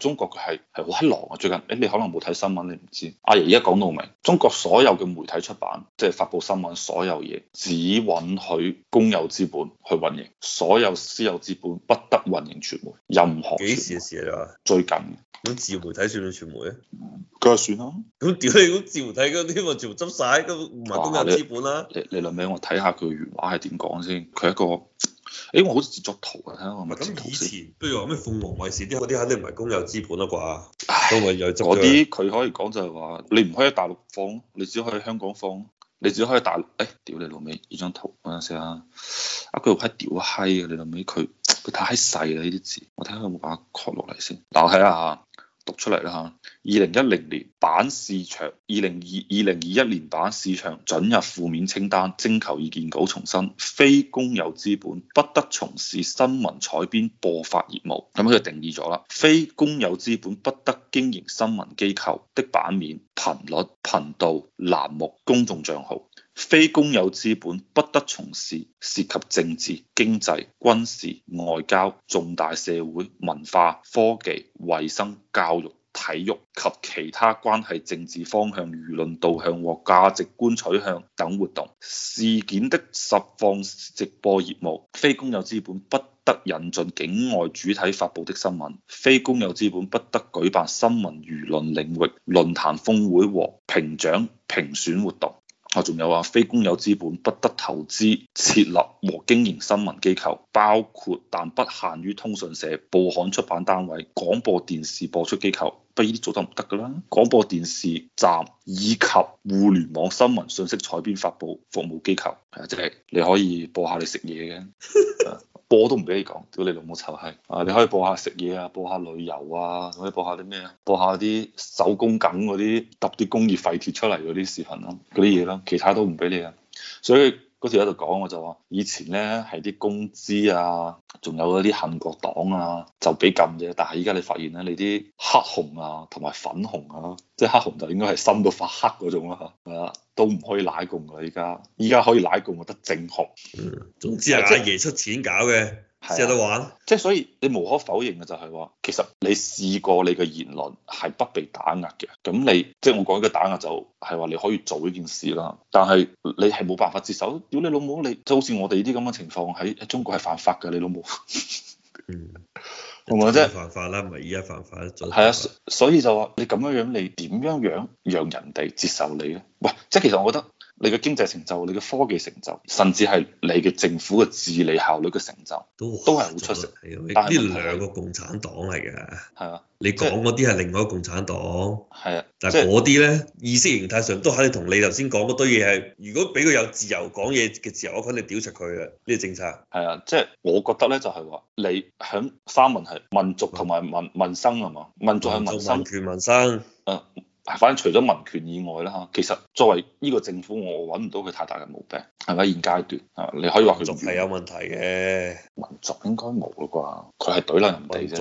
中國佢係係好閪狼啊！最近誒，你可能冇睇新聞，你唔知。阿爺而家講到明，中國所有嘅媒體出版，即係發布新聞，所有嘢只允許公有資本去運營，所有私有資本不得運營傳媒，任何幾時嘅事啊？最近咁近、嗯、自媒體算唔算傳媒、嗯、算啊？佢算啦！咁屌你，咁自媒體嗰啲咪全部執晒？咁唔係公有資本啦？你你諗咩？我睇下佢原話係點講先。佢一個。誒、欸，我好似截作圖啊，睇下我咪咁以前，譬如話咩鳳凰衛視啲，嗰啲肯定唔係公有資本啦啩。都係有，啲佢可以講就係、是、話，你唔可以喺大陸放，你只可以喺香港放，你只可以喺大陸誒，屌、哎、你老味，呢張圖嗰陣時啊，啊佢好閪屌閪啊，你老味佢，佢太細啦呢啲字，我睇下有冇把佢擴落嚟，先但我睇下啊。出嚟啦嚇！二零一零年版市場，二零二二零二一年版市場准入負面清單徵求意見稿重申，非公有資本不得從事新聞採編播發業務。咁佢就定義咗啦，非公有資本不得經營新聞機構的版面、頻率、頻道、欄目、公眾帳號。非公有資本不得從事涉及政治、經濟軍事、外交、重大社會文化、科技、衛生、教育、體育及其他關係政治方向、輿論導向和價值觀取向等活動事件的實況直播業務。非公有資本不得引進境外主體發布的新聞。非公有資本不得舉辦新聞輿論領域論壇峰會和評獎評選活動。仲有啊，非公有資本不得投資設立和經營新聞機構，包括但不限於通訊社、報刊出版單位、廣播電視播出機構，不呢啲做得唔得㗎啦。廣播電視站以及互聯網新聞信息採編發佈服務機構，即係你可以播下你食嘢嘅。 播都唔俾你講，屌你老母臭閪啊，啊！你可以播下食嘢啊，播下旅遊啊，可以播下啲咩啊？播下啲手工梗嗰啲，揼啲工業廢鐵出嚟嗰啲視頻咯，嗰啲嘢咯，其他都唔俾你啊！所以嗰條友就講，我就話以前咧係啲工資啊，仲有嗰啲恨國黨啊，就俾禁啫。但係依家你發現咧，你啲黑紅啊，同埋粉紅啊，即係黑紅就應該係深到發黑嗰種啦，啊、吓。都唔可以奶共噶啦！依家依家可以奶共，我得正紅，總之阿、就是、爺出錢搞嘅先有得玩。即係所以你無可否認嘅就係話，其實你試過你嘅言論係不被打壓嘅。咁你即係、就是、我講嘅打壓就係話你可以做呢件事啦。但係你係冇辦法接受屌你老母你，就好似我哋呢啲咁嘅情況喺中國係犯法㗎，你老母。 我覺得係犯法啦，唔係依家犯法就係啊，所以就話你咁樣樣，你點樣樣讓人哋接受你咧？喂，即係其實我覺得。你嘅經濟成就、你嘅科技成就，甚至係你嘅政府嘅治理效率嘅成就，都都係好出色。呢兩的個共產黨嚟嘅，係啊的，你講嗰啲係另外一個共產黨，係啊的。但係嗰啲咧，意識形態上都係同你頭先講嗰堆嘢係。如果俾佢有自由講嘢嘅自由，我肯定屌食佢啊！啲、這個、政策係啊，即係、就是、我覺得咧就係、是、話，你喺三文係民族同埋民民生係嘛？民族係民生，民權民生。嗯。反正除咗民權以外啦，嚇，其實作為呢個政府，我揾唔到佢太大嘅毛病，係咪？現階段嚇，你可以話佢。仲係有問題嘅。民族應該冇啦啩，佢係懟撚人哋啫。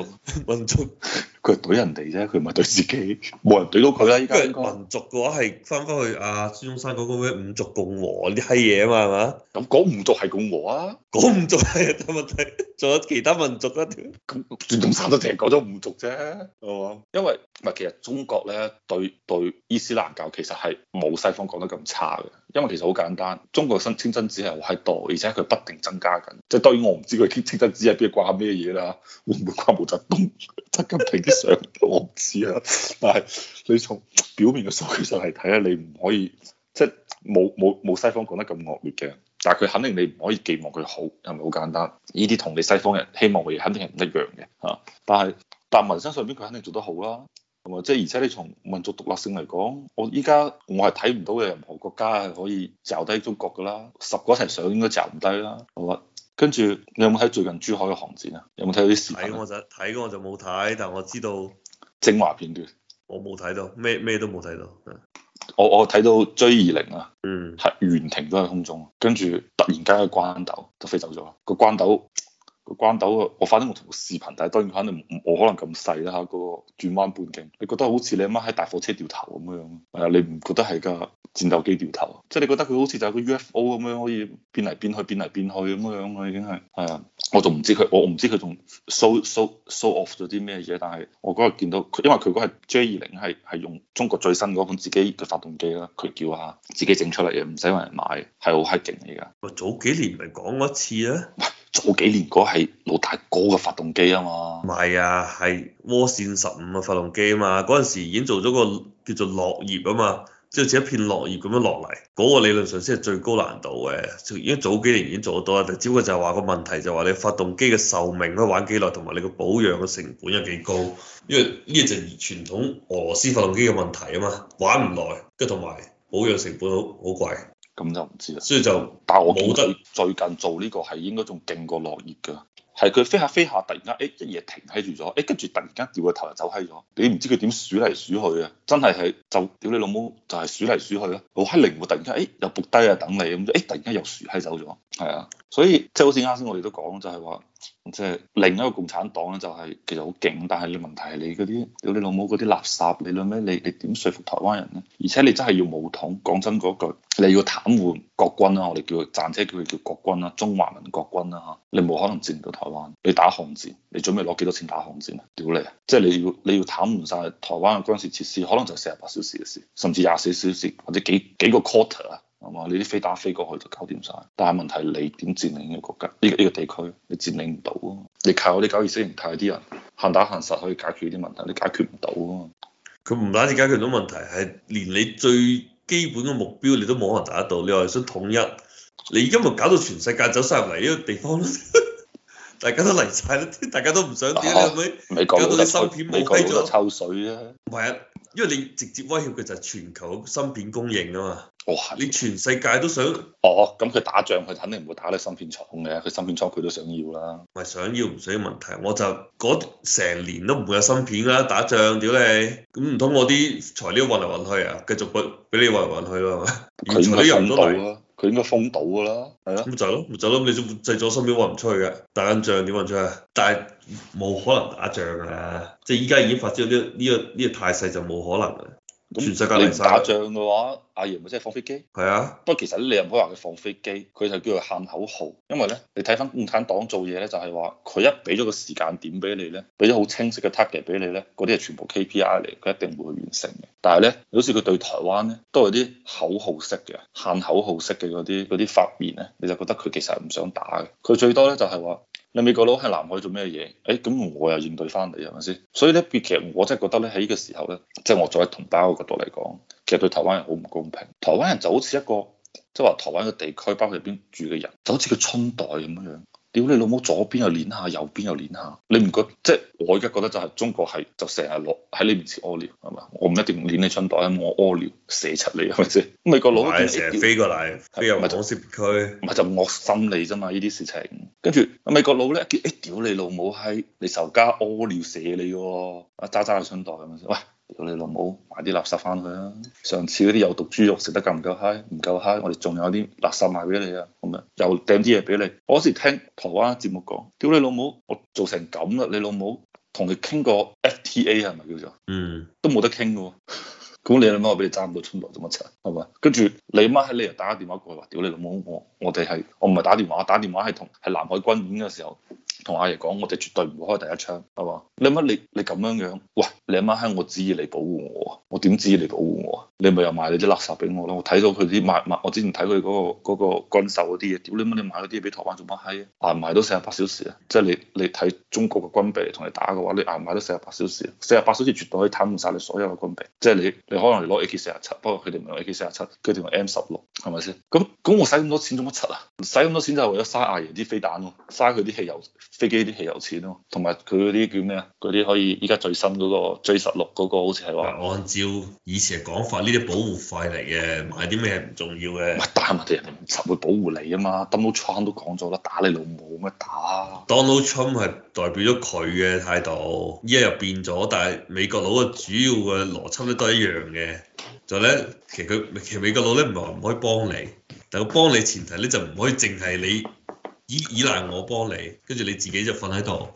民族。 佢係懟人哋啫，佢唔係懟自己，冇人懟到佢啦。依家民族嘅話係翻返去啊，孫中山講嗰咩五族共和啲閪嘢啊嘛，係嘛？咁講五族係共和啊，講五族係有問題，仲有其他民族啊條。咁孫中山都淨係講咗五族啫吧，係因為唔係其實中國咧對，對伊斯蘭教其實係冇西方講得咁差嘅，因為其實好簡單，中國新清真寺係多，而且佢不定增加緊。即係當然我唔知佢清真寺係邊掛咩嘢啦，會唔會掛毛澤東、習近平 我唔知啊，但係你從表面嘅數據上嚟睇咧，你唔可以即係冇冇冇西方講得咁惡劣嘅，但係佢肯定你唔可以寄望佢好，係咪好簡單？呢啲同你西方人希望嘅嘢肯定係唔一樣嘅嚇。但係但民生上邊佢肯定做得好啦，同埋即係而且你從民族獨立性嚟講，我依家我係睇唔到嘅任何國家係可以掙低中國噶啦，十個一齊上應該掙唔低啦，好啦。跟住，你有冇睇最近珠海嘅航展啊？有冇睇到啲視頻？睇我就睇，我就冇睇，但係我知道精華片段，我冇睇到，咩咩都冇睇到。我我睇到 J 二零啊，嗯，係懸停都喺空中，跟住突然間嘅關鬥就飛走咗啦。個關鬥個關鬥個，我發咗個圖視頻，但係當然佢肯我可能咁細啦嚇。嗰、那個轉彎半徑，你覺得好似你阿媽喺大貨車掉頭咁樣咯？係啊，你唔覺得係㗎？戰鬥機掉頭，即係你覺得佢好似就係個 UFO 咁樣，可以變嚟變去，邊邊去、變嚟變去咁樣嘅已經係，係啊，我仲唔知佢，我唔知佢仲 show show off 咗啲咩嘢，但係我嗰日見到佢，因為佢嗰係 J 二零係係用中國最新嗰款自己嘅發動機啦，佢叫下自己整出嚟嘅，唔使揾人買，係好黑勁嚟㗎。早幾年咪講過一次啊？喂，早幾年嗰係老大哥嘅發動機啊嘛，唔係啊，係渦扇十五嘅發動機啊嘛，嗰陣時已經做咗個叫做落葉啊嘛。即似一片落葉咁樣落嚟，嗰個理論上先係最高難度嘅，而家早幾年已經做得到啦。但只不過就係話個問題就係話你發動機嘅壽命可以玩幾耐，同埋你個保養嘅成本有幾高，因為呢個就傳統俄羅斯發動機嘅問題啊嘛，玩唔耐，跟同埋保養成本好貴。咁就唔知啦。所以就，但我覺得最近做呢個係應該仲勁過落葉㗎。係佢飛下飛下，突然間誒、欸、一夜停喺住咗，誒、跟住突然間掉個頭就走閪咗，你唔知佢點鼠嚟鼠去啊！真係係就屌你老母就係鼠嚟鼠去咯，好閪靈活，突然間誒、欸、又仆低啊等你咁，誒、欸、突然間又鼠閪走咗。係啊，所以即係好似啱先我哋都講，就係話即係另一個共產黨咧，就係其實好勁，但係你問題係你嗰啲，屌你老母嗰啲垃圾，你諗咩？你你點說服台灣人咧？而且你真係要武統，講真嗰句，你要癱瘓國軍啊，我哋叫佢，暫且叫佢叫國軍啊，中華民國軍啊。嚇，你冇可能佔到台灣，你打巷戰，你準備攞幾多錢打巷戰啊？屌你啊！即係你要你要癱瘓晒台灣嘅軍事設施，可能就四十八小時嘅事，甚至廿四小時，或者幾幾個 quarter。啊。係嘛？你啲飛打飛過去就搞掂晒，但係問題，你點佔領一個國家？呢、呢、呢個地區你佔領唔到啊！你靠啲搞意識形態啲人行打行實可以解決啲問題，你解決唔到啊！佢唔打就解決到問題，係連你最基本嘅目標你都冇可能達得到。你話想統一，你而家咪搞到全世界走晒入嚟呢個地方， 大家都嚟晒啦，大家都唔想點你係咪？未講過。未講過。你臭水啊！唔係啊，因為你直接威脅嘅就係全球芯片供應啊嘛。你全世界都想哦，咁佢打仗佢肯定唔會打你芯片廠嘅，佢芯片廠佢都想要啦。唔係想要唔想要問題，我就嗰成、那個、年都唔會有芯片啦，打仗屌你運運，咁唔通我啲材料運嚟運去啊，繼續俾俾你運嚟運去咯，係咪？佢都入唔到啊，佢應該封堵噶啦，係咯。咁就咯，就咯，咁你製咗芯片運唔出去嘅，打緊仗點運出去？但係冇可能打仗啊，即係依家已經發展呢呢個呢、這個態勢、這個、就冇可能啊。全世界你唔打仗嘅話，阿爺咪即係放飛機。係啊，不過其實你又唔可以話佢放飛機，佢就叫做喊口號。因為咧，你睇翻共產黨做嘢咧，就係話佢一俾咗個時間點俾你咧，俾咗好清晰嘅 target 俾你咧，嗰啲係全部 KPI 嚟，佢一定會去完成嘅。但係咧，好似佢對台灣咧，都係啲口號式嘅，喊口號式嘅嗰啲啲發言咧，你就覺得佢其實係唔想打嘅。佢最多咧就係、是、話。你美國佬喺南海做咩嘢？誒，咁我又應對翻你係咪先？所以咧，其實我真係覺得咧，喺呢個時候咧，即係我作為同胞嘅角度嚟講，其實對台灣人好唔公平。台灣人就好似一個，即係話台灣嘅地區包括入邊住嘅人，就好似個春袋咁樣樣。屌你老母，左邊又捻下，右邊又捻下，你唔覺？即係我而家覺得就係中國係就成日落喺你面前屙尿係嘛？我唔一定捻你春袋，我屙尿射出嚟，係咪先？美國佬成日飛過嚟，吧飛入我識別區，唔係就，就惡心你啫嘛？呢啲事情，跟住美國佬咧，屌、哎、你老母閪，你仇家屙尿射你喎，哦，阿渣渣嘅春袋係咪先？喂！你老母買啲垃圾翻去啊！上次嗰啲有毒豬肉食得夠唔夠嗨？唔夠嗨，我哋仲有啲垃圾賣俾你啊！咁樣又掟啲嘢俾你。我嗰時聽台灣節目講，屌你老母！我做成咁啦，你老母同你傾過 FTA 係咪叫做？嗯。都冇得傾嘅喎。咁 你阿媽我俾你爭唔到衝突做乜柒？係咪？跟住你阿媽喺你又打個電話過去話：屌你老母！我我哋係我唔係打電話，打電話係同係南海軍演嘅時候。同阿爺講，我哋絕對唔會開第一槍，係嘛？你乜你你咁樣樣？喂，你阿媽閪，我指意你保護我啊！我點指意你保護我啊？你咪又賣你啲垃圾俾我咯！我睇到佢啲賣賣，我之前睇佢嗰個嗰個軍售嗰啲嘢，屌你乜！你賣嗰啲嘢俾台灣做乜閪啊？賣都四十八小時啊！即係你你睇中國嘅軍備嚟同你打嘅話，你啊賣都四十八小時，四十八小時絕對可以攤滿曬你所有嘅軍備。即係你你可能攞 AK 四啊七，不過佢哋唔用 AK 四啊七，佢哋用 M 十六，係咪先？咁咁我使咁多錢做乜柒啊？使咁多錢就係為咗嘥阿爺啲飛彈咯，嘥佢啲汽油。飛機啲汽油錢咯，同埋佢嗰啲叫咩啊？嗰啲可以依家最新嗰、那個 F-16 嗰個好似係話，按照以前嘅講法，呢啲保護費嚟嘅，買啲咩唔重要嘅。打人哋人哋唔會保護你啊嘛，Donald Trump 都講咗啦，打你老母咩打？Donald Trump 係代表咗佢嘅態度，依家又變咗，但係美國佬嘅主要嘅邏輯咧都係一樣嘅。就咧，其實佢其實美國佬咧唔係話唔可以幫你，但係佢幫你前提咧就唔可以淨係你。依依賴我幫你，跟住你自己就瞓喺度。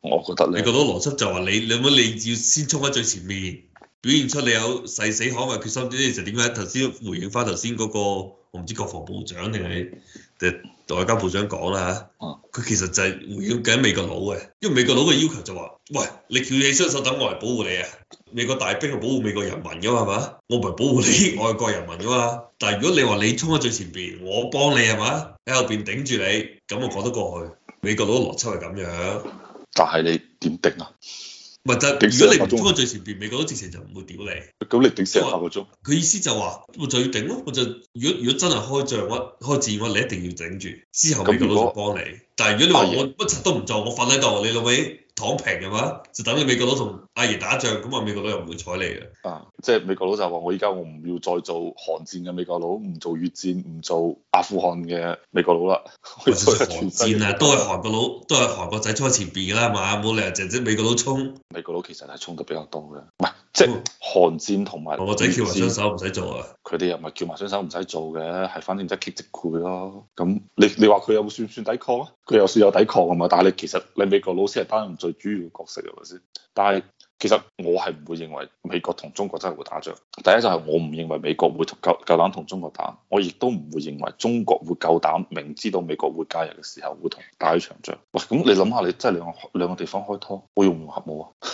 我覺得你覺得邏輯就話你，你有冇你要先衝喺最前面，表現出你有誓死捍衞決心？呢件就點解頭先回應翻頭先嗰個，我唔知國防部長定係同外交部長講啦嚇，佢其實就係回應緊美國佬嘅，因為美國佬嘅要求就話：喂，你翹起雙手等我嚟保護你啊！美國大兵係保護美國人民㗎嘛，係嘛？我唔係保護你外國人民㗎嘛。但係如果你話你衝喺最前邊，我幫你係嘛？喺後邊頂住你，咁我講得過去。美國佬嘅邏輯係咁樣，但係你點頂啊？唔係，如果你唔衝喺最前邊，美國佬之前就唔會屌你。咁你頂成八個鐘。佢意思就話、是，我就要頂咯。我就如果如果真係開仗，開戰，你一定要頂住，之後美國佬就幫你。但係如果你話我乜柒野都唔做，我瞓喺度，你老味躺平嘅話，就等你美國佬同。例如打仗咁啊，美國佬又唔會睬你嘅，啊，即係美國佬就話我依家我唔要再做韓戰嘅美國佬，唔做越戰，唔做阿富汗嘅美國佬啦。或者韓戰啊，都係韓國佬，都係韓國仔喺前邊嘅啦，係嘛？冇理由淨係美國佬衝。美國佬其實係衝得比較多嘅，唔係即係韓、哦、戰同埋韓國仔叫埋雙手唔使做啊。佢哋又唔係叫埋雙手唔使做嘅，係反正即係攤直背咯、啊。咁你你話佢有冇算唔算抵抗啊？佢又算有抵抗啊嘛，但係你其實你美國佬先係擔任最主要嘅角色係咪先？但係。其實我係唔會認為美國同中國真係會打仗。第一就係我唔認為美國會夠夠膽同中國打，我亦都唔會認為中國會夠膽明知道美國會介入嘅時候會同打一場仗。喂，咁你諗下，你真係兩個兩個地方開拖，會用唔用核武啊？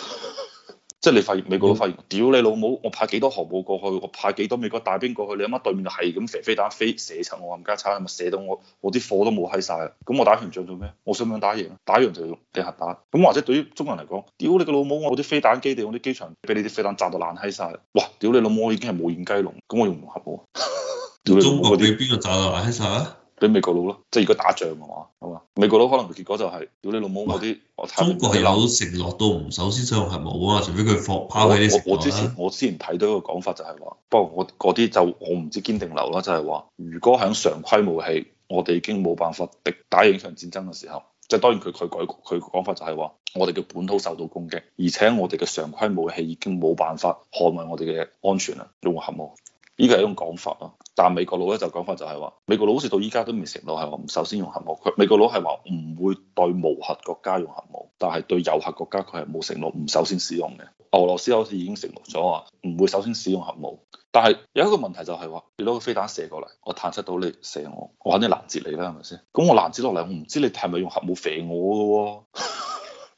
即係你發現美國都發現，屌、嗯、你老母！我派幾多航母過去，我派幾多美國大兵過去，你阿媽對面就係咁射飛彈飛，飛射親我冚家鏟，係咪射到我我啲火都冇閪晒啦！咁我打團仗做咩？我想唔想打贏？打贏就用地核彈。咁或者對於中國人嚟講，屌你個老母！我啲飛彈基地，我啲機場俾你啲飛彈炸到爛閪晒！哇！屌你老母！我已經係冇掩雞籠，咁我用唔用核武啊？ 中國俾邊個炸到爛閪曬？美國佬咯，即係如果打仗嘅話，好嘛？美國佬可能結果就係、是、屌你老母嗰啲。中國係有承諾到唔首先使用核武啊，除非佢放炮。我我之前我之前睇到一個講法就係、是、話，不過我嗰啲就我唔知堅定流啦，就係、是、話如果喺常規武器，我哋已經冇辦法敵打贏場戰爭嘅時候，即係當然佢佢改佢講法就係、是、話，我哋嘅本土受到攻擊，而且我哋嘅常規武器已經冇辦法捍衛我哋嘅安全啦，用核武。呢個係一種講法咯。但美國佬咧就講法就係話，美國佬好似到依家都未承諾係話唔首先用核武。佢美國佬係話唔會對無核國家用核武，但係對有核國家佢係冇承諾唔首先使用嘅。俄羅斯好似已經承諾咗話唔會首先使用核武，但係有一個問題就係話，你攞個飛彈射過嚟，我探測到你射我，我肯定攔截你啦，係咪先？咁我攔截落嚟，我唔知你係咪用核武射我嘅喎、啊。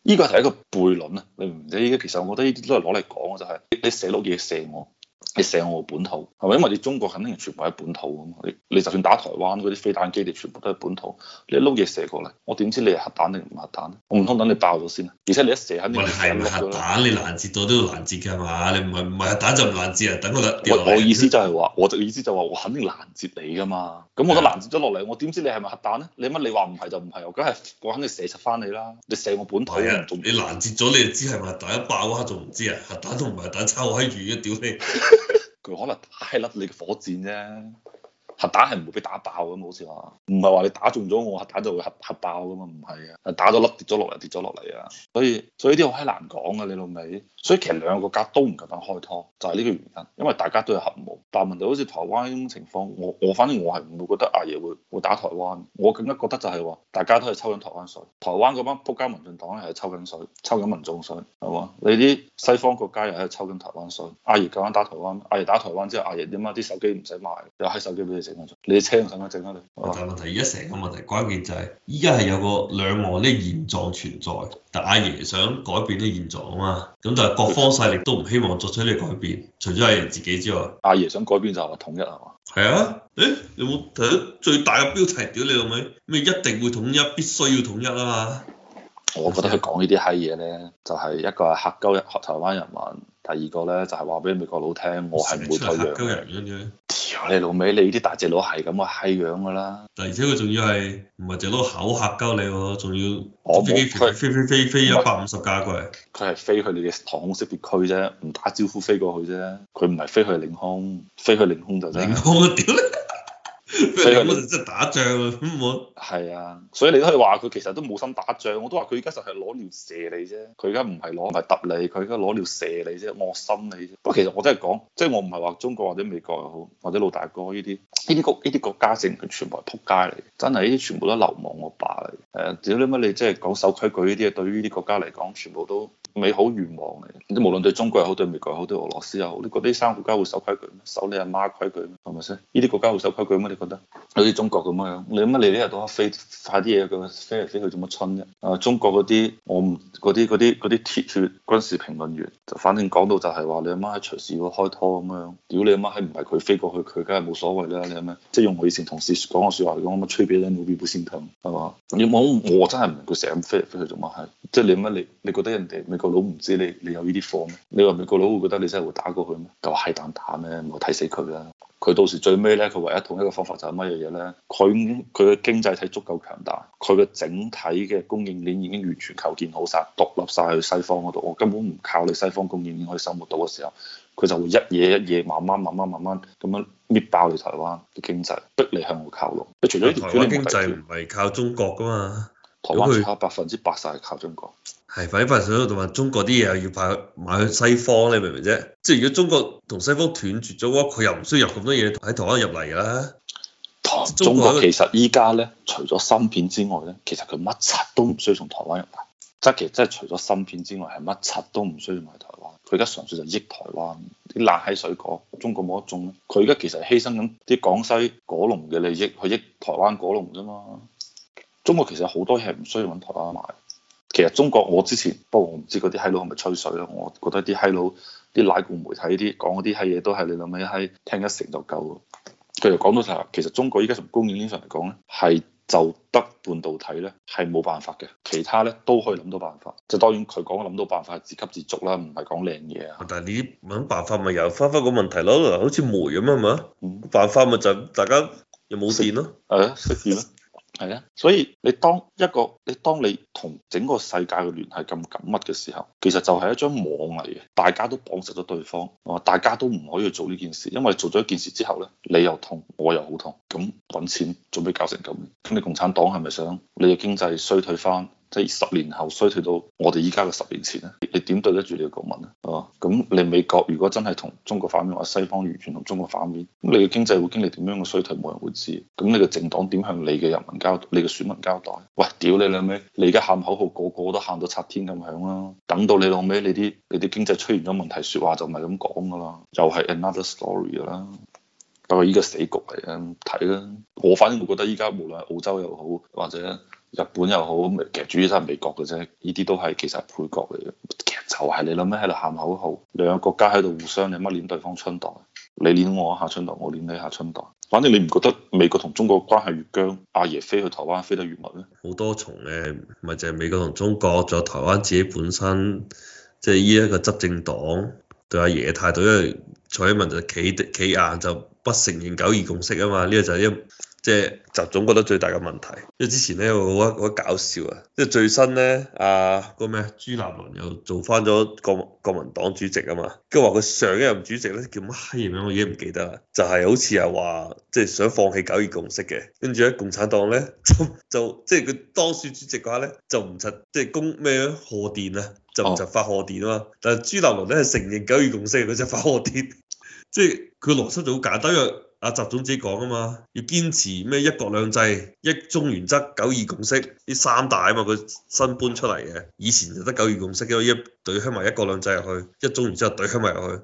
依個係一個悖論啊，你唔知依啲其實我覺得呢啲都係攞嚟講嘅就係、是，你射攞嘢射我。你射我本土係咪？因為你中國肯定全部喺本土啊嘛！你你就算打台灣嗰啲飛彈基地，全部都係本土。你一碌嘢射過嚟，我點知你係核彈定唔核彈？我唔通等你爆咗先啊！而且你一射肯定，你係唔係核彈？你攔截到都要攔截嘅嘛？你唔係唔係核彈就唔攔截啊？等我落掉嚟，我意思就係話，我嘅意思就話，我肯定攔截你噶嘛。咁我都攔截咗落嚟，我點知你係咪核彈咧？你乜你話唔係就唔係？我梗係我肯定射實翻你啦！你射我本土，同呀你攔截咗你就知係咪核彈？一爆啊仲唔知啊？核彈同唔核彈差好閪遠嘅，屌你！ 佢可能打甩你個火箭啫。核彈係唔會被打爆噶嘛，好似話唔係話你打中咗我核彈就會核核爆噶嘛，唔係啊，打咗粒跌咗落嚟跌咗落嚟啊，所以所以呢啲好閪難講噶你老味，所以其實兩個國家都唔夠膽開拖，就係呢個原因，因為大家都係核武。但問題好似台灣咁嘅情況，我我反正我係唔會覺得阿爺會會打台灣，我更加覺得就係話大家都係抽緊台灣水，台灣嗰班撲街民進黨又係抽緊水，抽緊民眾水。係嘛？你啲西方國家又喺度抽緊台灣水，阿爺今晚打台灣，阿爺打台灣之後，阿爺點解啲手機唔使賣，又開手機俾你你請陣啊！靜啊你，但係問題而家成個問題關鍵就係、是，依家係有個兩岸啲現狀存在，但阿爺想改變啲現狀啊嘛，咁但係各方勢力都唔希望作出呢個改變，除咗阿爺自己之外，阿爺想改變就係話統一係嘛？係啊，誒、欸、你有冇睇最大嘅標題屌你老味咩，一定會統一，必須要統一啊嘛！我覺得佢講呢啲閪嘢咧，就係、是、一個係嚇鳩人，台灣人民；第二個咧就係話俾美國佬聽，我係經唔會退讓。成鳩人咁屌你老味，你呢啲大隻佬係咁嘅閪樣㗎啦。但而且佢仲要係唔係隻佬口嚇鳩你，仲要飛機我飛飛飛飛一百五十架佢。佢係飛去你嘅航空識別區啫，唔打招呼飛過去啫。佢唔係飛去領空，飛去領空就。領空屌所以佢真係打仗啊，咁我係啊，所以你都可以話佢其實都冇心打仗，我都話佢而家就係攞尿射你啫，佢而家唔係攞唔係揼你，佢而家攞尿射你啫，惡心你啫。不過其實我真係講，即係我唔係話中國或者美國又好，或者老大哥呢啲，依啲國依啲國家政，佢全部撲街嚟，真係依啲全部都，全部都流氓惡霸嚟。誒，屌你乜你，真係講守規矩呢啲嘢，對於依啲國家嚟講，全部都。美好願望嚟，無論對中國又好，對美國又好，對俄羅斯又好，你覺得呢三個國家會守規矩守你阿媽規矩咩？係咪先？呢啲國家會守規矩咩？你覺得？好似中國咁樣樣，你乜你呢日當飛快啲嘢，咁飛嚟飛去做乜春啫？啊，中國嗰啲我唔嗰啲嗰啲啲鐵血軍事評論員，就反正講到就係話你阿媽喺隨時會開拖咁樣，屌你阿媽係唔係佢飛過去，佢梗係冇所謂啦，你係咪？即係用我以前同事講嘅説話嚟講，乜吹扁你老 B 不先吞係嘛？你冇我真係唔明佢成日飛嚟飛去做乜閪，即係你乜你你覺得人哋美國？個佬唔知你你有呢啲貨咩？你話美國佬會覺得你真係會打過去咩？佢話係蛋打咩？我睇死佢啦！佢到時最尾咧，佢唯一同一個方法就係乜嘢嘢咧？佢佢嘅經濟體足夠強大，佢嘅整體嘅供應鏈已經完全構建好晒，獨立晒去西方嗰度，我根本唔靠你西方供應鏈可以生活到嘅時候，佢就會一夜一夜慢慢慢慢慢慢咁樣搣爆你台灣嘅經濟，逼你向我靠攏。你除咗台灣經濟唔係靠中國噶嘛？台灣百分之八十係靠中國，係百分之八十同埋中國啲嘢要賣去賣去西方你明唔明啫？即係如果中國同西方斷絕咗，佢又唔需要入咁多嘢喺台灣入嚟㗎啦。中國,中國其實依家咧，除咗芯片之外咧，其實佢乜柒都唔需要從台灣入嚟。即係其實真係除咗芯片之外，係乜柒都唔需要買台灣。佢而家純粹就益台灣啲爛閪水果，中國冇得種。佢而家其實犧牲緊啲廣西果農嘅利益去益台灣果農啫嘛。中國其實好多嘢唔需要揾台灣買。其實中國我之前，不過我唔知嗰啲閪佬係咪吹水咯。我覺得啲閪佬啲奶罐媒體啲講嗰啲閪嘢都係你諗起閪，聽一成就夠。佢又講到曬。其實中國依家從工業基礎上嚟講咧，係就得半導體咧係冇辦法嘅，其他咧都可以諗到辦法。就係當然佢講諗到辦法自給自足啦，唔係講靚嘢啊。但係你諗辦法咪又翻返個問題咯，好似煤咁啊嘛。嗯。辦法咪就大家又冇電咯。係咯，熄電咯。 係啊，所以你當一個你當你同整個世界嘅聯繫咁緊密嘅時候，其實就係一張網嚟嘅，大家都綁實咗對方，我話大家都唔可以做呢件事，因為做咗一件事之後咧，你又痛，我又好痛，咁揾錢準備搞成咁，咁你共產黨係咪想你嘅經濟衰退翻？即係十年後衰退到我哋依家嘅十年前咧，你點對得住你嘅國民咧？啊，咁你美國如果真係同中國反面，或者西方完全同中國反面，咁你嘅經濟會經歷點樣嘅衰退，冇人會知。咁你個政黨點向你嘅人民交，你嘅選民交代？喂，屌你老尾！你而家喊口號，個個都喊到拆天咁響啦。等到你老尾，你啲你啲經濟出現咗問題，説話就唔係咁講噶啦，又係 another story 噶啦。不過依家死局嚟嘅，睇啦，啊。我反正我會覺得依家無論係澳洲又好或者，日本又好，其實主要都係美國嘅啫，呢啲都係其實配角嚟嘅，其實就係你諗咩喺度喊口號，兩個國家喺度互相你乜捻對方春袋，你捻我一下春袋，我捻你下春袋，反正你唔覺得美國同中國關係越僵，阿爺飛去台灣飛得越密咩？好多重嘅，咪就係美國同中國，仲有台灣自己本身，即係呢一個執政黨。對阿爺嘅態度，因為蔡英文就企地企硬，就不承認九二共識啊嘛，呢、這個就係一即係習總、是、覺得最大嘅問題。因為之前咧，我覺得好搞笑啊，即係最新咧，阿個咩朱立倫又做翻咗國國民黨主席啊嘛，跟住話佢上一任主席咧叫乜嘢名，我已經唔記得啦，就係、是、好似係話即係想放棄九二共識嘅，跟住咧共產黨咧就就即係佢當選主席嘅話咧就唔出即係恭咩咧賀電啊。就就發賀電啊嘛，但係朱立倫咧係承認九二共識，佢 就發賀電，即係佢邏輯就好簡單，因為阿習總自己講啊嘛，要堅持咩一國兩制、一中原則、九二共識呢三大啊嘛，佢新搬出嚟嘅，以前就得九二共識，依家要堆埋一國兩制入去，一中原則堆埋入去。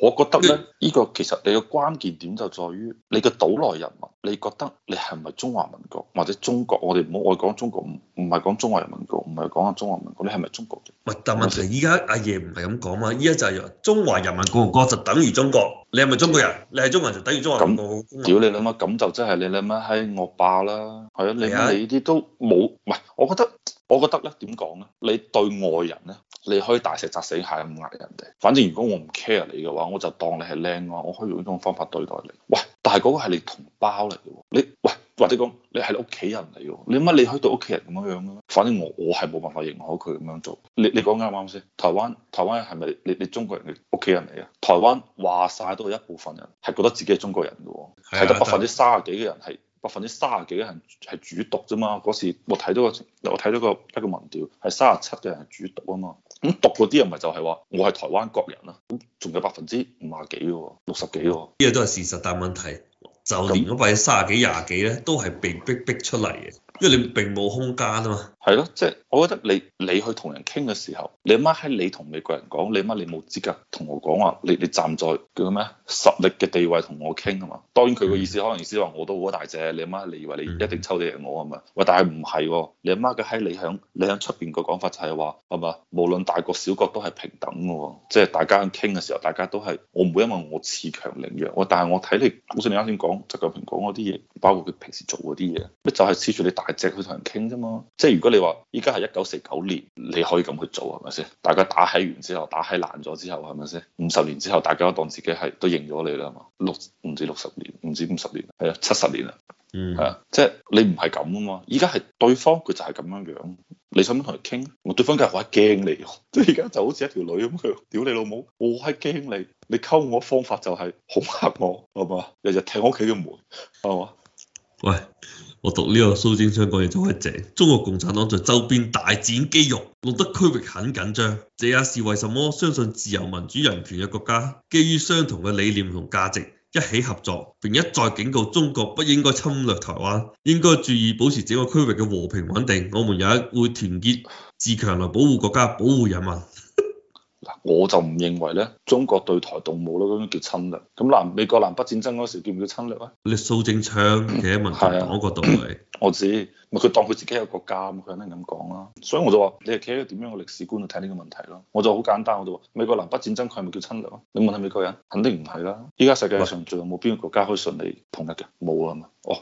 我覺得咧，依個其實你嘅關鍵點就在於你嘅島內人民，你覺得你係咪中華民國或者中國？我哋唔好愛講中國，唔唔係講中華人民共，唔係講下中華民國，你係咪中國人？唔係，但問題依家阿爺唔係咁講嘛，依家就係中華人民共和國就等於中國，你係咪中國人？你係中，中國人就等於中華、嗯、人。屌那你老母，咁那就真係你老母。喺惡、哎、霸啦，係啊，啊你你啲都冇，唔係，我覺得。我覺得咧點講咧？你對外人咧，你可以大石砸死蟹咁壓人哋。反正如果我唔 care 你嘅話，我就當你係靚㗎，我可以用呢種方法對待你。喂！但係嗰個係你同胞嚟嘅喎，你喂或者講你係屋企人嚟嘅喎，你乜你可以對屋企人咁樣樣、啊、咯？反正我我係冇辦法認可佢咁樣做。你你講啱啱先？台灣台灣係咪你你中國人嘅屋企人嚟啊？台灣話晒都係一部分人係覺得自己係中國人嘅喎，係得百分之三十幾嘅人係。百分之三十幾嘅人係主獨啫嘛，嗰時我睇到個，我睇到個一個民調係三十七嘅人係主獨啊嘛，咁獨嗰啲人咪就係話我係台灣國人啦，咁仲有百分之五十幾喎，六十幾喎，呢啲都係事實，但問題就連嗰百分之三十幾廿幾咧都係被逼逼出嚟嘅。因為你並冇空間啊嘛，係咯，即、就、係、是、我覺得你你去同人傾嘅時候，你阿媽喺你同美國人講，你阿媽你冇資格同我講話，你你站在叫咩實力嘅地位同我傾啊嘛。當然佢個意思、嗯、可能意思話我都好大隻，你阿媽你以為你一定抽你贏我啊嘛？喂、嗯，但係唔係喎，你阿媽嘅喺你響你響出邊個講法就係話係嘛，無論大國小國都係平等嘅喎，即、就、係、是、大家喺傾嘅時候，大家都係我唔會因為我恃強凌弱，但我但係我睇你好似你啱先講習近平講嗰啲嘢，包括佢平時做嗰啲嘢，咩就係黐住你係直去同人傾啫嘛，即、就、係、是、如果你話依家係一九四九年，你可以咁去做係咪先？大家打起完之後，打起爛咗之後係咪先？五十年之後，大家都當自己係都認咗你啦、嗯、嘛。六唔止六十年，唔止五十年，係啊，七十年啦。嗯，係啊，即係你唔係咁啊嘛。依家係對方佢就係咁樣樣，你想同佢傾？我、嗯、對方梗係我係驚你，即係而家就好似一條女咁，佢屌你老母，我係驚你，你溝我方法就係恐嚇我，係嘛？日日踢我屋企嘅門，係嘛？喂，我讀呢個蘇貞昌講嘢就好正。中國共產黨在周邊大展肌肉，弄得區域很緊張。這也是為什麼相信自由、民主、人權嘅國家，基於相同嘅理念同價值，一起合作，並一再警告中國不應該侵略台灣，應該注意保持整個區域嘅和平穩定。我們也會團結自強嚟保護國家、保護人民。我就唔認為咧，中國對台動武咧，咁樣叫侵略。咁南美國南北戰爭嗰時叫唔叫侵略啊？你蘇正昌企喺民國嗰個度，我知，咪佢當佢自己係個國家咁，佢肯定咁講啦。所以我就話，你係企喺一個點樣嘅歷史觀度睇呢個問題咯、啊？我就好簡單，我就話美國南北戰爭佢係咪叫侵略啊？你問下美國人，肯定唔係啦。依家世界上仲有冇邊一個國家可以順利統一嘅？冇啊嘛。哦。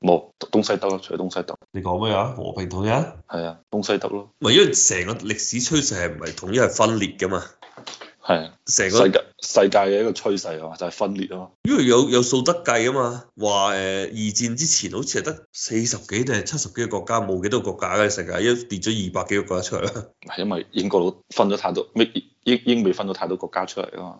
冇東西德啦，除咗東西德，你講咩啊？和平統一？係啊，東西德咯。唔係因為成個歷史趨勢係唔係統一係分裂噶嘛？係啊，成個世界世界嘅一個趨勢啊嘛。就係、是、分裂啊嘛。因為有有數得計啊嘛，話誒、呃、二戰之前好似係得四十幾定係七十幾個國家，冇幾多，多個國家嘅成啊，一跌咗二百幾個國家出嚟啦！係因為英國佬分咗太多，咩英英美分咗太多國家出嚟啊嘛。